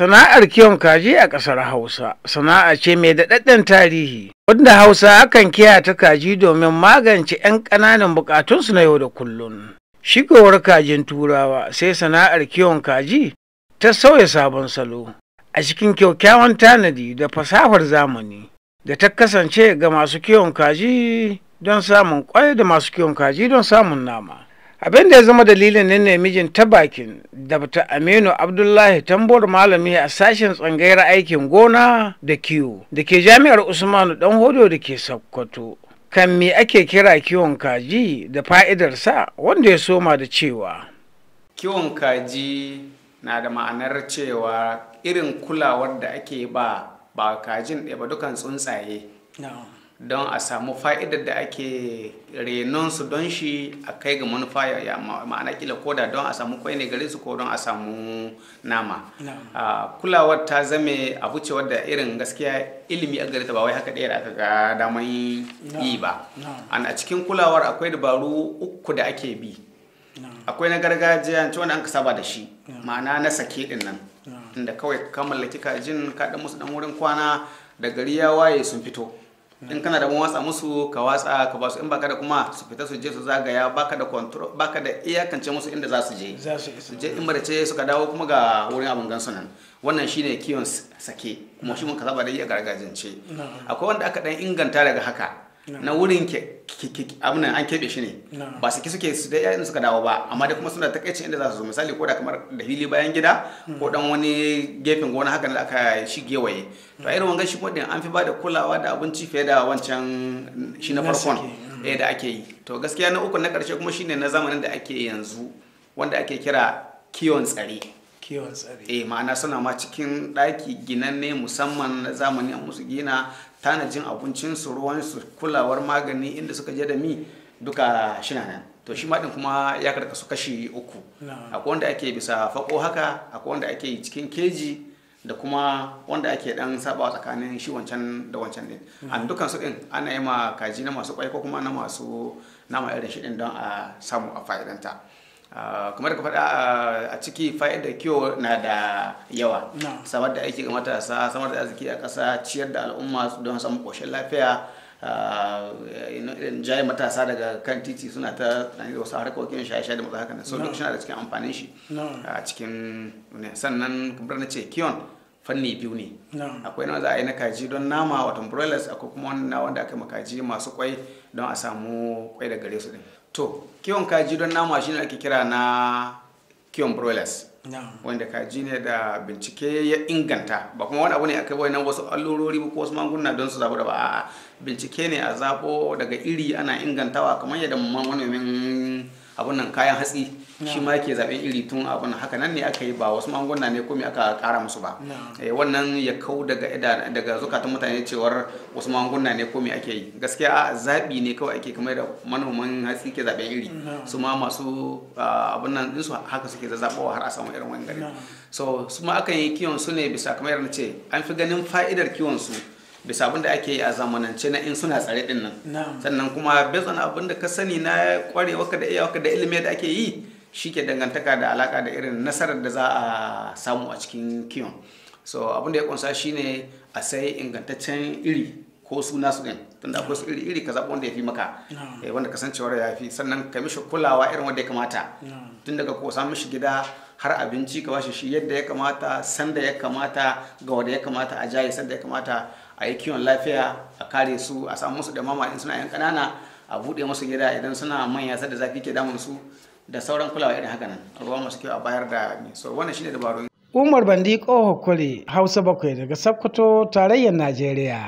Sana'ar kiwon kaji a ƙasar Hausa sana'a ce mai daɗaɗɗen tarihi, wanda Hausa akan kiyata kaji domin magance 'yan ƙananan buƙatunsu na yau da kullum. Shigowar kajin Turawa sai sana'ar kiwon kaji ta sauya sabon salo a cikin kyaukyawan tanadi da fasahar zamani da ta kasance ga masu kiwon kaji don samun ƙwai da masu kiwon kaji don samun nama. abin da ya zama dalilin nan ne mijin ta bakin dabta aminu abdullahi tambor malami a sashen tsangayar aikin gona da kiwo da ke jami'ar usmanu dan hodo da ke sokoto kan me ake kira kiwon kaji da fa'idarsa wanda ya soma da cewa kiwon kaji na da ma'anar cewa irin kulawar da ake ba ba kajin ɗaya ba dukan tsuntsaye don a samu fa'idar da ake renon su don shi a kai ga manufa ya ma'ana kila koda don a samu kwai ne gare su ko don a samu nama kulawar ta zame a wucewar da irin gaskiya ilimi a gare ta ba wai haka ɗaya da aka ga damar yi ba an a cikin kulawar akwai dabaru uku da ake bi akwai na gargajiya wanda an ka saba da shi ma'ana na sake din nan inda kawai ka mallaki jin ka musu dan wurin kwana da gari ya waye sun fito in kana da watsa musu ka watsa ka basu in baka da kuma su fita su je su zagaya baka da control baka da iyakance musu inda za su je su je in marace suka dawo kuma ga wurin abun gansu nan wannan shine kiwon sake kuma shi mun ka saba da yi a gargajiyance akwai wanda aka dan inganta daga haka na wurin abin an keɓe shi ne ba su ki suke su da yayin suka dawo ba amma dai kuma suna takaicin inda za su zo misali ko da kamar da hili bayan gida hmm. ko dan wani gefen gona haka da aka shi gewaye to a irin wangan shi kodin an fi ba da kulawa da abinci fiye da wancan shi na farkon hmm. eh da ake yi to gaskiya na uku na karshe kuma shine na zamanin da ake yanzu wanda ake kira kiwon tsare eh ma'ana suna ma cikin ɗaki ginanne musamman na zamani a musu gina tanajin abincinsu ruwansu kulawar magani inda suka je da mi duka shina nan to shi maɗin kuma ya su kashi uku akwai wanda ake bisa fako haka akwai wanda ake cikin keji da kuma wanda ake dan saba tsakanin shi wancan da wancan din hmm. an dukan su din ana yi ma kaji na masu kwai ko kuma na masu nama irin shi din don a samu a fa'idanta Ah, kamar ka faɗa ah, a ciki fa'idar kyau na da yawa samar da aiki ga matasa samar da arziki a ƙasa ciyar da al'umma don samun ƙoshin lafiya ah, jaye matasa daga kan titi suna ta wasu harkokin shaye-shaye da matsaka da duk suna da cikin amfanin shi a cikin sannan kamar na ce kiwon fanni biyu ne akwai na za a yi na kaji don nama watan broilers akwai kuma wanda aka kaji masu kwai don a samu kwai da gare su din to kiwon kaji don nama shi ne ake kira na kiwon broilers wanda kaji ne da bincike ya inganta ba kuma wani abu ne aka bai nan wasu allurori ko wasu magunguna don su zabu da ba a bincike ne a zabo daga iri ana ingantawa kamar yadda manomin abun nan kayan hatsi shi ma yake zaben iri tun abun haka nan ne aka yi ba wasu magunguna ne ko me aka kara musu ba eh, wannan ya kau daga daga zukatan mutane cewar wasu magunguna ne ko me ake yi gaskiya zabi ne kawai ake kamar da manoman hatsi ke zaben iri su ma masu abun nan din su haka suke zazzabawa har a samu irin wani gari so su ma akan yi kiwon su ne bisa kamar na ce an fi ganin fa'idar kiwon su bisa abin da ake yi a zamanance na in suna tsare din nan sannan kuma bezon abin da ka sani na kwarewa ka da iyawa da ilimi da ake yi shi ke dangantaka da alaka da irin nasarar da za a samu a cikin kiwon so abin da ya kunsa shine a sai ingantaccen iri ko suna su din tunda akwai su iri iri ka zaɓi wanda ya fi maka eh, wanda kasancewar ya fi sannan ka mishi kulawa irin wanda ya kamata tun daga ko samu mishi gida har abinci ka bashi shi yadda ya kamata sanda ya kamata ga wanda ya kamata a jaye sanda ya kamata a yi kiwon lafiya a kare su a samu musu da mama suna yan ƙanana a buɗe musu gida idan suna manya sadda zafi ke damun su da sauran kulawa irin haka nan ruwa masu kyau a bayar da so wannan shine dabarun Umar Bandi Kohokuri Hausa bakwai daga Sokoto tarayyar Najeriya